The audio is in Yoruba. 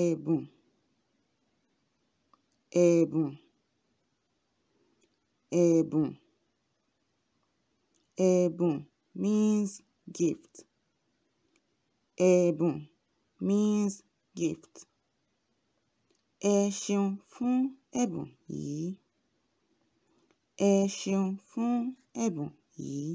ẹ̀bùn ẹ̀bùn ẹ̀bùn ẹ̀bùn means gift ẹ̀bùn means gift ẹ ṣeun fún ẹ̀bùn yìí ẹ ṣeun fún ẹ̀bùn yìí